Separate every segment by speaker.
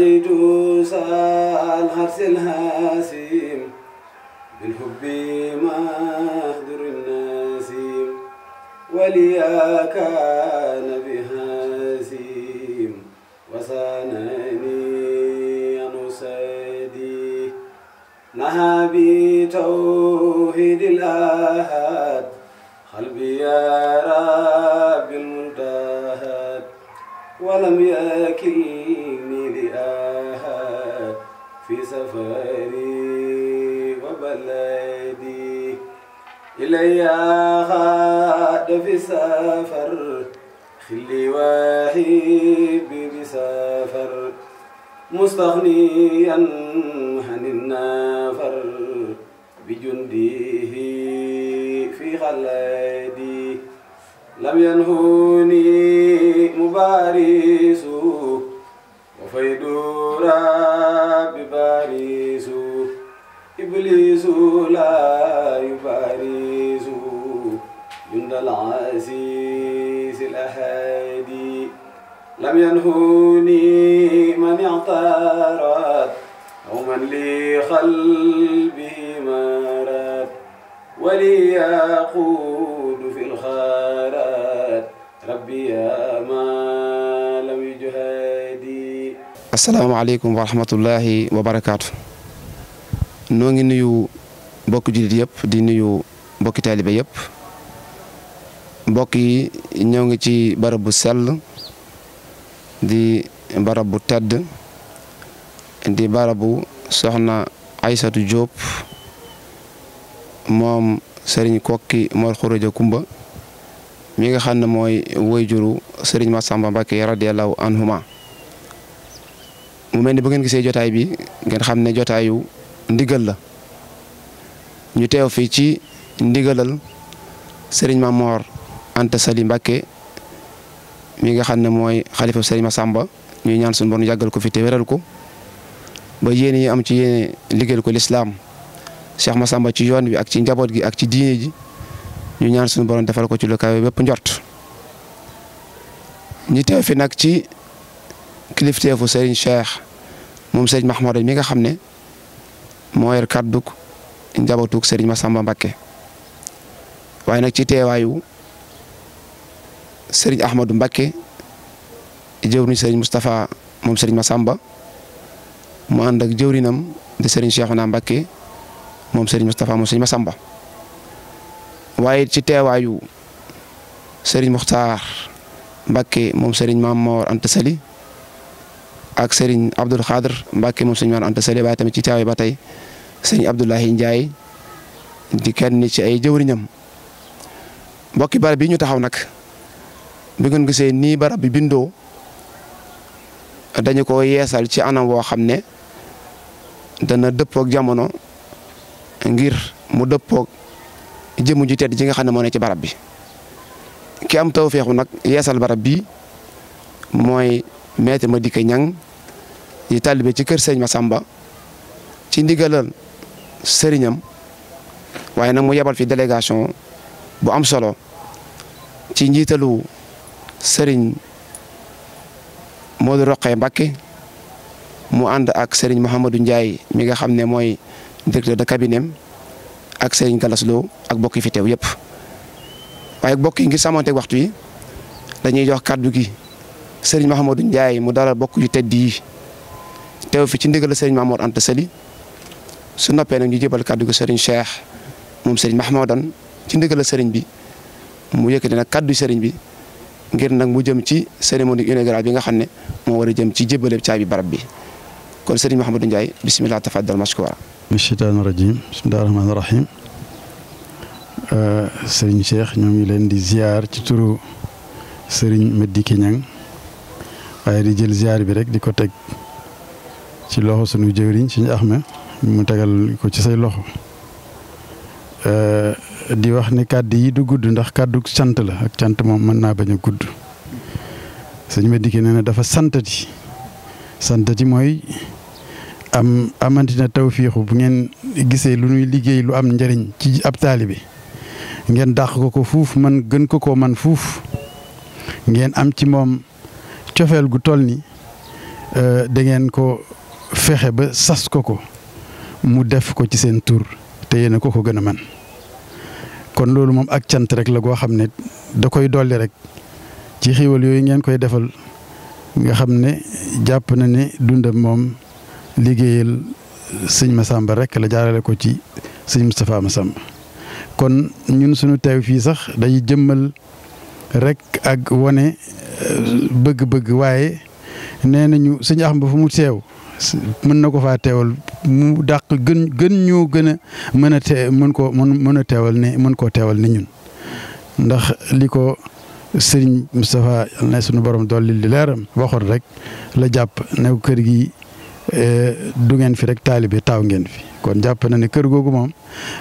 Speaker 1: ناجيته ساء الحرس الهاسم بالحب مهدر الناس وليا كان بهاسم وسانني عن وسادي نهى بتوحيد الآحاد قلبي يا رب المنتهى ولم يكل سفري وبلدي إليها غاد في سفر خلي واحبي بسفر مستغنيا عن النفر بجنده في خلدي لم ينهني مبارس فيدو رب باريس إبليس لا يباريس جند العزيز الأهادي لم ينهوني من اعترض أو من لي قلبي مرض ولي يقود في الخيرات ربي يا
Speaker 2: asalaamaaleykum wa rahmatullahi wa barakaatu. ngi nuyu mbokki jullit yëpp di nuyu mbokki taalibe yëpp mbokk yi ñoo ngi ci barab bu sell di barab bu tedd di barabu soxna Aysatu Jóob moom sëriñ kokki Mor Xureja Kumba mi nga xam ne mooy woy juru sëriñ Masamba Mbàkke radiyallahu anhuma mu mel ni bu ngeen gisee jotaay bi ngeen xam ne jotaayu ndigal la ñu teew fii ci ndigalal sëriñ Mamor Anta Sali Mbacke mi nga xam ne mooy xalifa ma Massamba ñuy ñaan suñu bon yàggal ko fi te weral ko ba yéen yi am ci yéen liggéeyal ko lislaam ma Massamba ci yoon bi ak ci njaboot gi ak ci diine ji ñu ñaan suñu borom defal ko ci lu kawe bépp njort ñi teew fi nag ci kilifteefu Serigne Cheikh moom sëriñ Mahmoudan mi nga xam ne moo yor kàddug njabootug ma Massamba mbake waaye nag ci teewaayu sëriñ Ahmadou Mbakke jëwriñ sëriñ Moustapha moom sëriñ Massamba mu ànd ak jëwriñam di moom sëriñ Moustapha moom sëriñ Massamba waaye ci teewaayu sëriñ Muxtaar Mbakke moom sëriñ Maam Anta Sali ak Serigne Abdoul Khadr Mbacke moom suñu Mame Anta Sali waaye tamit ci Thiawé ba tey sëñ Abdoulahi Ndiaye di ci ay jëwriñam mbokki barab bi ñu taxaw nag bi ngeen gisee nii barab bi bindoo dañu ko yeesal ci anam woo xam ne dana dëppook jamono ngir mu dëppook jëmu ju tedd ji nga xam ne moo ne ci barab bi ki am tawféexu nag yeesal barab bi mooy ma dikk Niang di taalibe ci kër sëñ Massamba ci ndigalal sëriñam waaye nag mu yebal fi délégation bu am solo ci njiitalu sëriñ Modou Roqe Mbacké mu ànd ak sëriñ Mouhamadou njaay mi nga xam ne mooy directeur de cabinet ak sëriñ Gallas Lo ak bokki fi teew yëpp waaye bokk yi ngir sàmmante waxtu yi dañuy jox kàddu gi sëriñ Mouhamadou Ndiaye mu dara bokk yu teew fi ci ndigal sëriñ Mamour Anta Sali su noppee nag ñu jébal kàddu gi sëriñ Cheikh moom sëriñ Mahmoudan ci ndigal sëriñ bi mu yëkkati nag kàddu sëriñ bi ngir nag mu jëm ci cérémonie inaugurale bi nga xam ne moo war a jëm ci jébale caabi barab bi kon sëriñ Mahamadou Ndiaye bisimilah tafaddal mashkura
Speaker 3: min shaytaani rajim bisimilah rahmaani rahim euh, sëriñ Cheikh ñoo ngi leen di ziar ci turu sëriñ Meddi Kiñang waaye di jël ziar bi rek di ko teg. ci loxo sunu jëwriñ suñu axme mu tegal ko ci say loxo eh, di wax ni kàdd yi du gudd ndax kàddu cant la ak cant moom mën naa bañ a gudd sëñ ma dikkee nee na dafa santati santati mooy am amantina tawfiixu bu ngeen gisee lu ñuy liggéey lu am njëriñ ci ab taalibe ngeen dàq ko ko fuuf man gën ko ko man fuuf ngeen am ci moom cofeel gu toll ni eh, da ko fexe ba sas ko ko mu def ko ci seen tur te yéen ko ko gën a man kon loolu moom ak cant rek la goo xam ne da koy dolli rek ci xiiwal yooyu ngeen koy defal nga xam ne jàpp na ne dundam moom liggéeyal sëñ Massamba rek la jaarale ko ci sëñ Moustapha Massamba kon ñun suñu teew fii sax day jëmmal rek ak wone euh, bëgg-bëgg waaye nee nañu sëñ Axmadu fu mu seew mën na ko faa teewal mu dàq gën gën ñoo gën a mën a tee mën koo mën mën a teewal ni mën koo teewal ni ñun ndax li ko sëriñ Moustapha na sunu borom dolli di leeram waxoon rek la jàpp ne kër gi e, du ngeen fi rek taalibe taaw ngeen fi kon jàpp na ne kër googu moom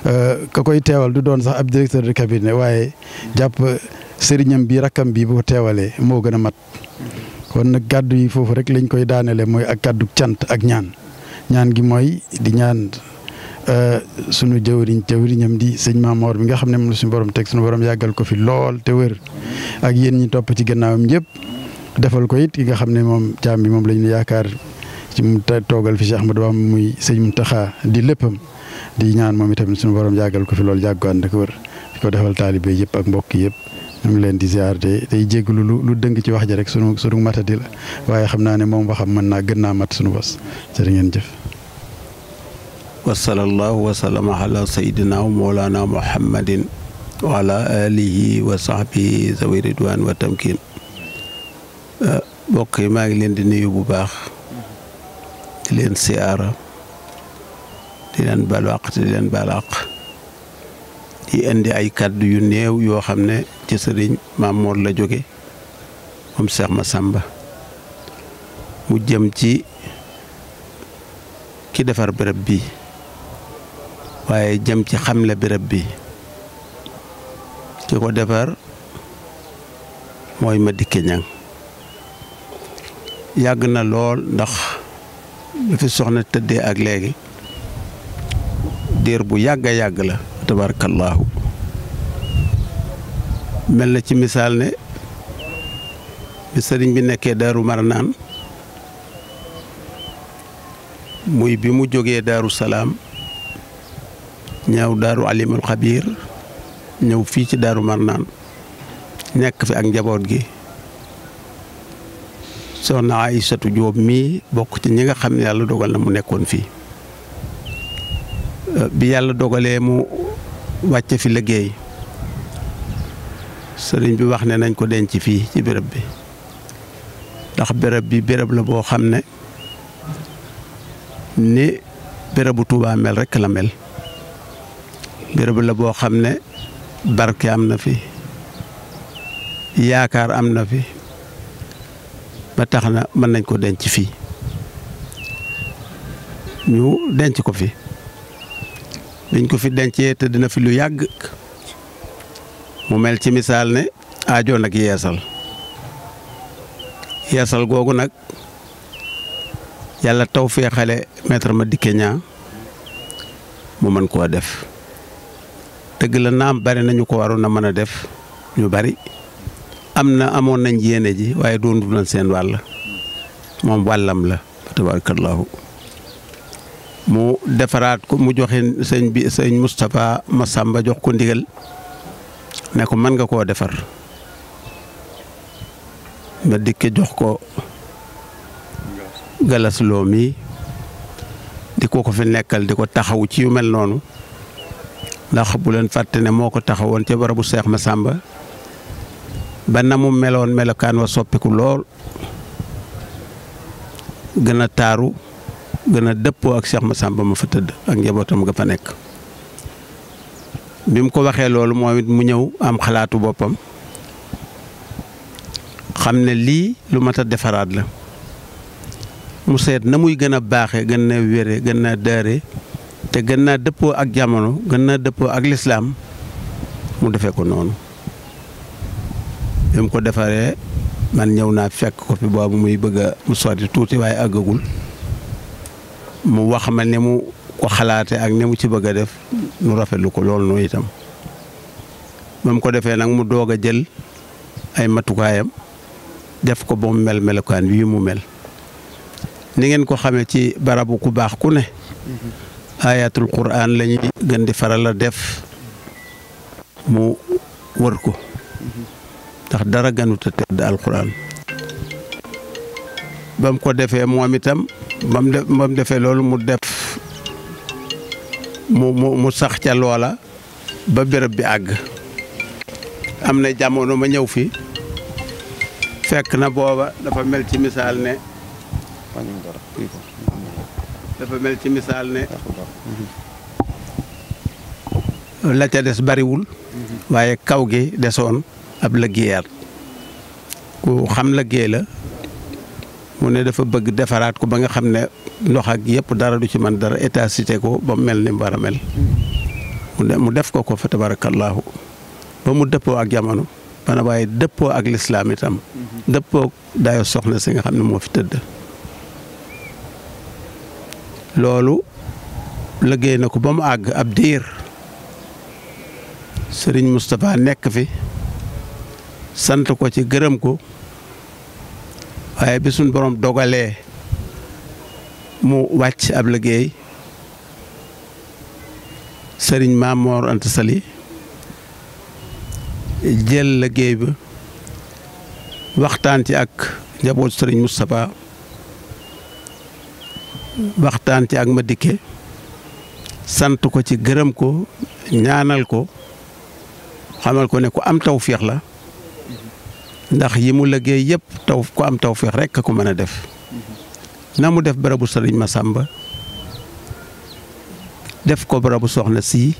Speaker 3: e, ka koy teewal du doon sax ab directeur de cabinet waaye jàpp sëriñam bi rakkam bi bu teewalee moo gën a mat kon nag kàddu yi foofu rek lañ koy daanele mooy ak kàddu cant ak ñaan ñaan gi mooy di ñaan euh, sunu jëwriñ jëwriñam di sëñ Maamoor bi nga xam ne moom la suñu borom teg suñu borom yàggal ko fi lool te wér ak yéen ñi topp ci gannaawam yëpp defal ko it ki nga xam ne moom jaam bi moom lañu yaakaar ci mu toogal fi Cheikh ma Bamba muy sëñ mu Mountakha di léppam di ñaan moom itamit su borom yàggal ko fi lool yàggu ànd ak wér di ko defal taalibe yëpp ak mbokk yëpp. ñu ngi leen di ziar te tey jégalu lu lu dëng ci wax ja rek sunu sunu matadi la waaye xam naa ne moom xam mën naa gën naa mat sunu bos jërë ngeen jëf.
Speaker 4: wa sallallahu wa sallama ala sayyidina wa mawlana muhammadin wa ala wa sahbihi zawi ridwan wa tamkin uh, mbokk yi maa ngi leen di nuyu bu baax di leen siyaara di leen baal di leen baal di indi ay kàddu yu néew yoo xam ne ci sëriñ Maam la jóge moom Seex sàmba mu jëm ci ki defar béréb bi waaye jëm ci xamle béréb bi ki ko defar mooy Madické Niang yàgg na lool ndax bi fi soxna tëddee ak léegi diir bu yàgga yàgg la tabaarakallaahu mel na ci misaal ne bi sëriñ bi nekkee daaru marnaan muy bi mu jógee daaru salaam ñëw daaru alimul xabiir ñëw fii ci daaru marnaan nekk fi ak njaboot gi soxna Aysatu Jóob mii bokk ci ñi nga xam ne yàlla dogal na mu nekkoon fii bi yàlla dogalee mu wàcce fi liggéey sëriñ bi wax ne nañ ko denc fii ci béréb bi ndax béréb bi béréb la boo xam ne ni bérébu Tuubaa mel rekk la mel béréb la boo xam ne barke am na fi yaakaar am na fi ba tax na mën nañ ko denc fii ñu denc ko fi dañ ko fi dencee te dina fi lu yàgg mu mel ci misaal ne aajoon ak yeesal yeesal googu nag yàlla taw fee xale ma dikke ñaa mu mën koo def dëgg la naam bari nañu ko waroon na mën a def ñu bari am na amoon nañ yéene ji waaye doon du seen wàll moom wàllam la tabarakallahu mu defaraat ko mu joxe sëñ bi sëñ Moustapha Massamba jox ko ndigal ne ko mën nga koo defar nga dikk jox ko galasloo mi di ko ko fi nekkal di ko taxaw ci yu mel noonu ndax bu leen fàtte ne moo ko taxawoon ca barabu Seex Massamba ba na mu meloon melokaan wa soppiku lool gën a taaru gën a dëppoo ak Cheikh Massamba ma fa tëdd ak njabootam nga fa nekk bi mu ko waxee loolu moom it mu ñëw am xalaatu boppam xam ne lii lu mat a defaraat la mu seet na muy gën a baaxee gën na wére gën na daare te gën naa dëppoo ak jamono gën naa dëppoo ak lislaam mu defee ko noonu bi mu ko defaree man ñëw naa fekk ko fi boobu muy bëgg a mu sotti tuuti waaye àggagul mu wax ma ne mu ko xalaate ak ne mu ci bëgg a def nu rafetlu ko loolu noonu itam ba mu ko defee nag mu doog a jël ay matukaayam def ko ba mu mel melokaan wii mu mel ni ngeen ko xamee ci barabu ku baax ku ne ayaatul quraan la ñuy gën di faral a def mu wër ko ndax dara gënut a tedd alquraan ba mu ko defee moom itam ba defe loolu mu def mu mu sax ca loola ba bërëb bi àgg am na jamono ma ñëw fi fekk na booba dafa mel ci misaal ne dafa mel ci misaal ne la ca des bariwul waaye kaw gi desoon ab liggéeyaat ku xam liggéey la mu ne dafa bëgg defaraat ko ba nga xam ne ndox ak yëpp dara du ci man dara état cité ko ba mu mel ni mu war a mel mu def ko ko fa tabarakallahu ba mu dëppoo ak jamono bana waaye dëppoo ak lislaam itam dëppoo dayo soxna si nga xam ne moo fi tëdd loolu liggéey na ko ba mu àgg ab diir sëriñ Moustapha nekk fi sant ko ci gërëm ko waaye bi suñ borom dogalee mu wàcc ab liggéey sëriñ Maamoor Anta Sali jël liggéey bi waxtaan ci ak njaboot sëriñ Moustapha waxtaan ci ak ma dikke sant ko ci gërëm ko ñaanal ko xamal ko ne ku am tawféex la ndax yi mu liggéey yépp taw ku am tawféex rek a ko mën a def na mu def barabu ma sàmba def ko barabu soxna sii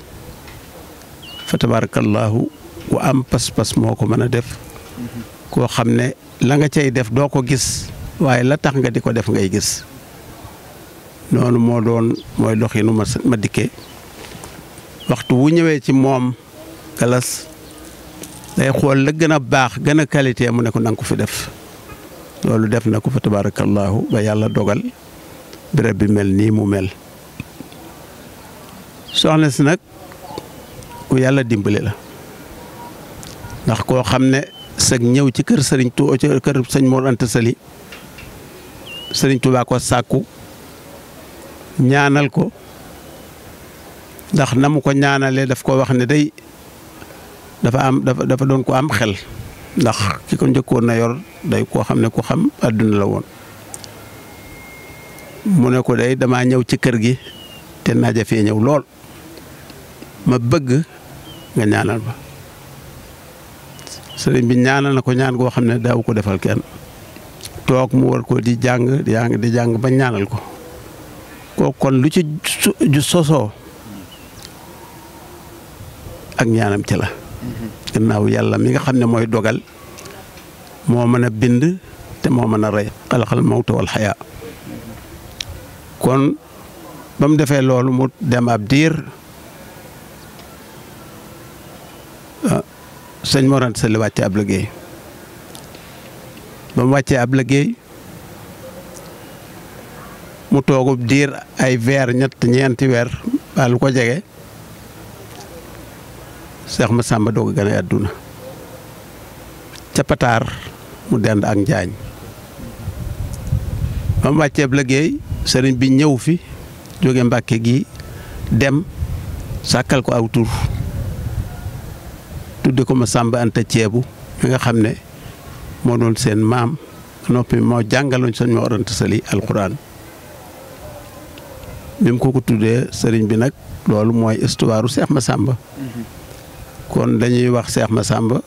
Speaker 4: fa tabaarakallaahu ku am pas-pas moo ko mën a def koo xam ne la nga cay def doo ko gis waaye la tax nga di ko def ngay gis noonu moo doon mooy doxinu ma ma dikkee waxtu wu ñëwee ci moom galas day xool la gën a baax gën a qualité mu ne ko nanga ko fi def loolu def na ko fa tabaarakallaahu ba yàlla dogal béréb bi mel nii mu mel soxna si nag ku yàlla dimbali la ndax koo xam ne sag ñëw ci kër sëriñ Tuubaa ci kër sëriñ Tuubaa ko sàkku ñaanal ko ndax na mu ko ñaanalee daf ko wax ne day dafa am dafa dafa doon ko am xel ndax hmm. ki ko njëkkoon na day koo xam ne ku xam àdduna la woon mu ne ko day damaa ñëw ci kër gi te naaja fee ñëw lool ma bëgg nga ñaanal ma sëriñ bi ñaanal na ko ñaan koo xam ne daaw ko defal kenn toog mu war ko di jàng di jàng di jàng ba ñaanal ko kooku kon lu ci ju sosoo ak ñaanam ci la gannaaw yàlla mi nga xam ne mooy dogal moo mën a bind te moo mën a rey xalaqal mawta wal xayaa kon ba mu defee loolu mu dem ab diir ah, sëñ Mor Anta Sali wàccee ab liggéey ba mu wàccee ab liggéey mu toogub diir ay weer ñett ñeenti weer baa lu ko jege Seex Masamba doog a gane àdduna ca Pataar mu dend ak Njaañ ba mu wàcceeb liggéey sëriñ bi ñëw fi jóge Mbàkke gi dem sàkkal ko aw tur tudde ko ma Masamba Anta Ceebu mi nga xam ne moo doon seen maam noppi moo jàngaloon sëñ ma orante sali alquran bi mu ko ko tuddee sëriñ bi nag loolu mooy histoire seex ma sàmba kon dañuy wax Seex Masàmba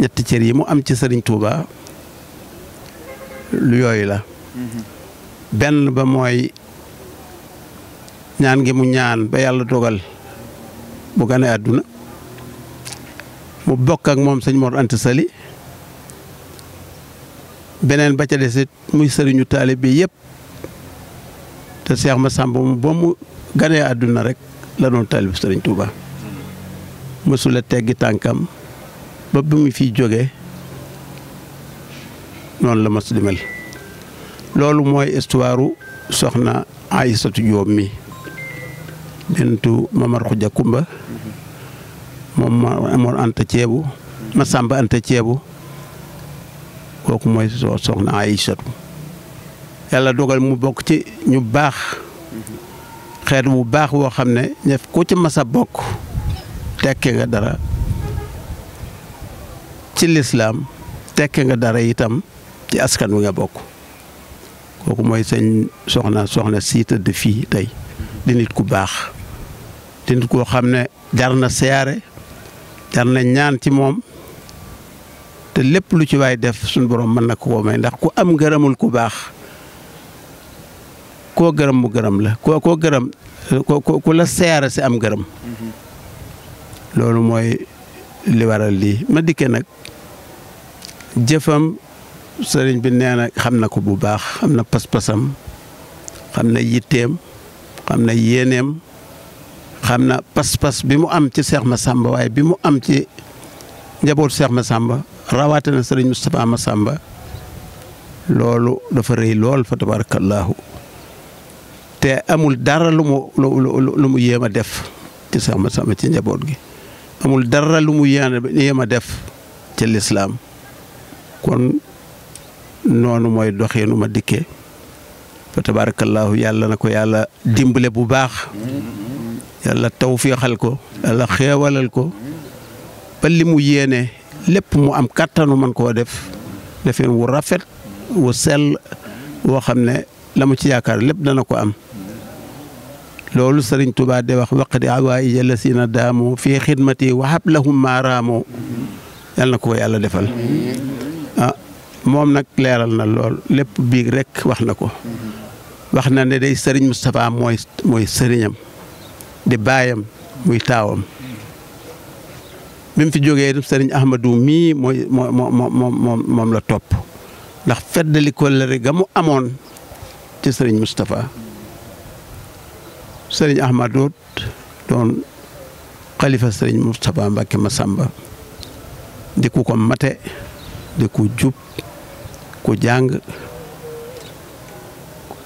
Speaker 4: ñetti cër yi mu am ci sëriñ Touba lu yooyu la benn ba mooy ñaan ngi mu ñaan ba yàlla dogal bu gane àdduna mu bokk ak moom sëñ Mor Anta Sali beneen ba ca muy sëriñu taalib bi yëpp te Seex Masàmba mu ba mu ganee àdduna rekk la doon taalib sëriñ Touba mësula teggi tànkam ba bi mu fi jógee noonu la mas di loolu mooy histoire soxna Aysatu Jóob mi bintu Mamar Xuja Kumba moom ma amoon anta ceebu ma sàmba anta ceebu kooku mooy soxna Aysatu yàlla dogal mu bokk ci ñu baax xeet wu baax woo xam ne ñef ku ci masa bokk tekke nga dara ci lislaam tekke nga dara itam ci askan wu nga bokk kooku mooy sëñ soxna soxna sii tëdd fii tey di nit ku baax di nit koo xam ne jar na siyaare jar na ñaan ci moom te lépp lu ci waay def suñu boroom mën na koo may ndax ku am gërëmul ku baax koo gërëm mu gërëm la koo koo gërëm ku la siyaare si am gërëm
Speaker 5: mm-hmm.
Speaker 4: loolu mooy li waral lii ma dikke nag jëfam sëriñ bi nee na xam na ko bu baax xam na pas-pasam xam na yitteem xam na yéeneem xam na pas-pas bi mu am ci Seex Masamba waaye bi mu am ci njaboot Seex Masamba rawaate na sëriñ Moustapha sàmba loolu dafa rëy lool fa tabaarakallaahu te amul dara lu mu lu mu yéem a def ci Seex Masamba ci njaboot gi amul dara lu mu yéene yéem a def ci lislaam kon noonu mooy doxinu ma dikke fa tabaarakallaahu yàlla na ko yàlla dimbale bu baax yàlla tawfiixal ko yàlla xeewalal ko ba li mu yéene lépp mu am kàttanu man koo def defeen wu rafet wu sell woo xam ne la mu ci yaakaar lépp dana ko am loolu sëriñ Tuubaa de wax waqdi awaaija la siina daamu fii xidmati waxab la maaraamoo yal na ko ko yàlla defal ah, moom nag leeral na lool lépp biig rek wax na ko wax na ne day sëriñ Moustapha mooy mooy sëriñam di baayam muy taawam bi mu fi jógee itam sëriñ Ahmadou mii mooy moom la topp ndax feddali ko la mu amoon ci sëriñ Moustapha sëriñ Ahmad Root doon xalifa sëriñ Moustapha Mbacke Massamba di ku ko mate di ku jub ku jàng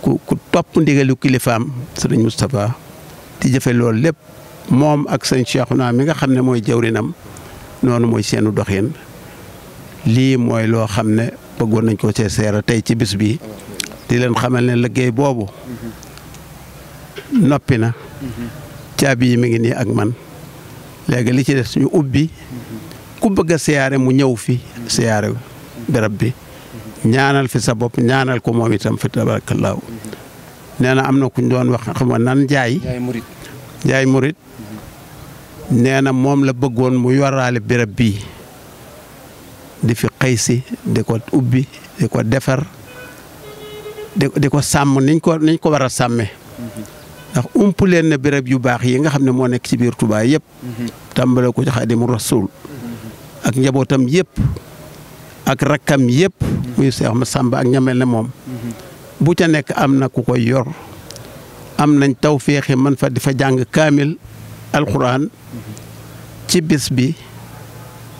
Speaker 4: ku topp ndigalu kilifaam sëriñ Moustapha di jëfe loolu lépp moom ak sëriñ Cheikhouna mi nga xam ne mooy jawrinam noonu mooy seenu doxin lii mooy loo xam ne bëggoon nañ ko see seera tey ci bis bi di leen xamal ne liggéey boobu noppi na caabi yi mi ngi nii ak man léegi li ci des ñu ubbi ku bëgg a siyaare mu ñëw fi siyaare berab bi ñaanal fi sa bopp ñaanal ko moom itam fi tabarakallahu nee na am na kuñ doon wax xam nga nan Njaay Njaay Murit nee na moom la bëggoon mu yoraale béréb bii di fi xëy si di ko ubbi di ko defar di ko sàmm niñ ko niñ ko war a sàmmee ndax ump leen ne béréb yu baax yi nga xam ne moo nekk ci biir Touba yëpp. tàmbale ko ci mu Rasuul ak njabootam yépp ak rakkam yépp muy Seex Masamba ak ñamel ne moom. bu ca nekk am na ku ko yor. am nañ tawféexi man fa di fa jàng kaamil alxuraan ci bis bi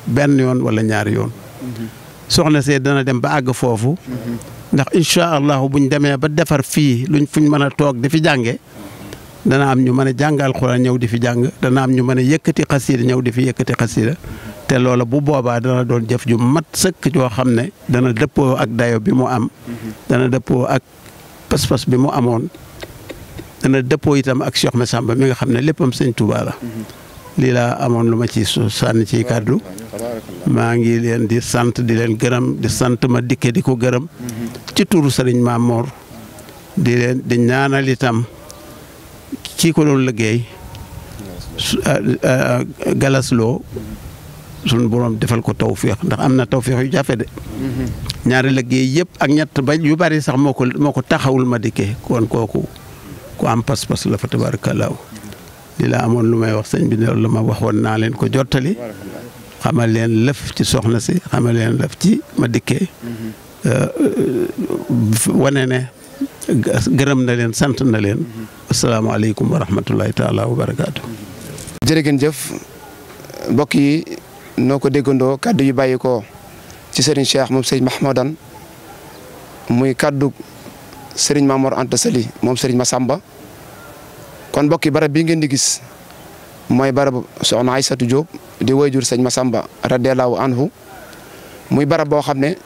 Speaker 4: benn yoon wala ñaari yoon. soxna see dana dem ba àgg foofu. ndax incha allahu buñ demee ba defar fii luñ fuñ mën a toog di fi jànge dana am ñu mën a jàng alxuraan ñëw di fi jàng dana am ñu mën a yëkkati xasiida ñëw di fi yëkkati xasiida te loola bu boobaa dana doon jëf ju mat sëkk joo xam ne dana dëppoo ak dayo bi mu am dana dëppoo ak pas-pas bi mu amoon dana dëppoo itam ak Cheikh Massamba mi nga xam ne léppam sëñ Tuubaa la lii laa amoon lu ma ci sànni ciy kàddu maa ngi leen di sant di leen gërëm di sant ma dikke di ko gërëm ci turu sëriñ Mamour di leen di ñaanal itam kii ko doon liggéey ah, ah, galasloo sunu borom defal ko tawféex ndax am na tawféex yu jafe de. Mm-hmm. ñaari liggéey yëpp ak ñett ba yu bari sax moo ko taxawul ma dikkee kon kooku ku am pas-pas la fa tabarakallaahu li la amoon lu may wax sëñ bi la ma waxoon naa leen ko jottali. xamal leen lëf ci soxna si xamal leen lëf ci ma dikkee. Mm-hmm. Euh, euh, wane ne gërëm na leen sant
Speaker 2: na leen asalaamaaleykum wa rahmatullahi taala wa barakaatu. jërëgën jëf mbokk yi noo ko déggandoo kàddu yu bàyyi ko ci Serigne Cheikh moom Serigne Mahmoudan muy kàddu sëriñ Mamor Anta Sali moom Serigne Massamba kon mbokk yi barab bi ngeen di gis mooy barab soxna satu Diop di wayjur Serigne Massamba radiyallahu anhu muy barab boo xam ne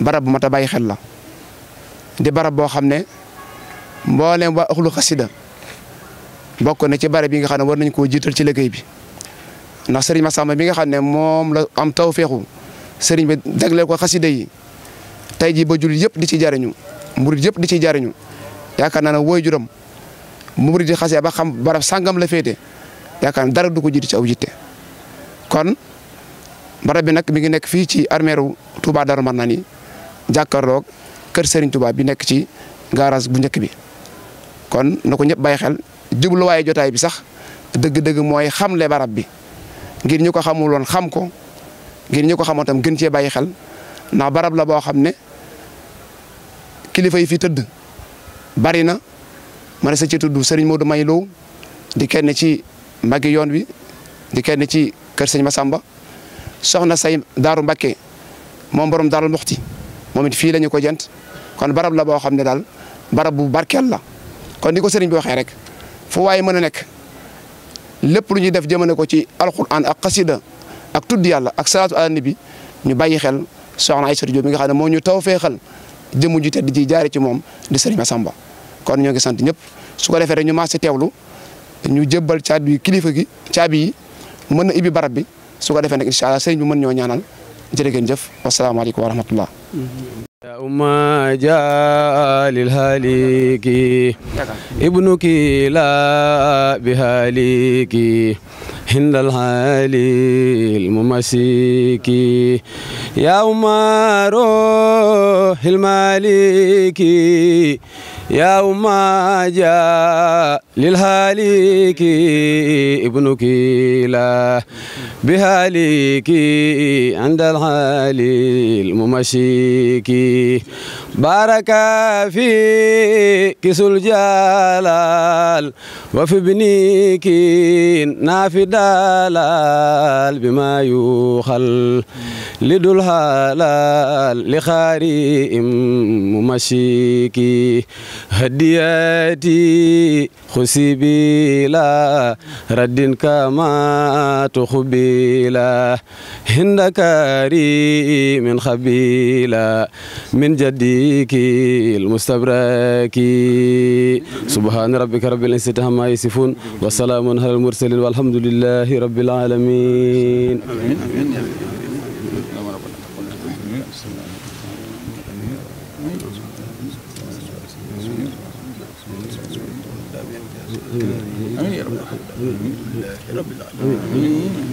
Speaker 2: barab bu mat a bàyyi xel la. di barab boo xam ne mboolem waa axlu xasida bokk na ci barab bi nga xam ne war nañ koo jiital ci liggéey bi ndax sëriñ ma Massamba bi nga xam ne moom la am taw tawféexu sëriñ bi jagleel ko xasida yi tey jii ba jullit yëpp di ci jariñu murit yëpp di ci jariñu yaakaar naa ne wooy juram mu murit di xasee ba xam barab sàngam la féete yaakaar dara du ko jiitu ci aw jitte kon barab bi nag mi ngi nekk fii ci armeeru dara Darou Marnane yi jàkkaarloog kër sëriñ Touba bi nekk ci garage bu njëkk bi kon na ko ñëpp bàyyi xel jubluwaayu jotaay bi sax dëgg-dëgg mooy xamle barab bi ngir ñu ko xamul woon xam ko ngir ñu ko xamoon tam gën cee bàyyi xel ndax barab la boo xam ne kilifa yi fi tëdd bari na ma sa ci tudd Serigne Modou May Lo di kenn ci magi yoon wi di kenn ci kër ma sàmba soxna say Daaru Mbakke moom borom Daaru Muxti moom it fii la ñu ko jent kon barab la boo xam ne daal barab bu barkeel la kon ni ko sëriñ bi waxee rek fu waaye mën a nekk lépp lu ñuy def jëmane ko ci alquran ak xasida ak tudd yàlla ak salaatu ala nabi ñu bàyyi xel soxna Aïssatou Diop mi nga xam ne moo ñu taw feexal jëmu ju tedd ji jaare ci moom di sëriñ Massamba kon ñoo ngi sant ñëpp su ko defee ñu maase teewlu ñu jébbal caabi yi kilifa gi caabi yi mën na ibbi barab bi su ko defee nag incha allah sëriñ bi mën ñoo ñaanal jërë ngeen jëf wasalaamaaleykum wa rahmatullah
Speaker 1: وما جاء للهالك ابنك لا بهالك هند الهالي الممسيك يا عمر المالكي يوم جاء للهالك ابنك لا بهالك عند الهالي الممشيك بارك في كسو الجلال وفي ابنك نافي دلال بما يوخل لدو الحلال لخاري ممشيكي هدياتي خسي بلا رد كما تخبيلا هند كريم خبيلا من جدي الشريك المستبرك سبحان ربك رب العزة عما يصفون وسلام على المرسلين والحمد لله رب العالمين آمين
Speaker 5: يا رب العالمين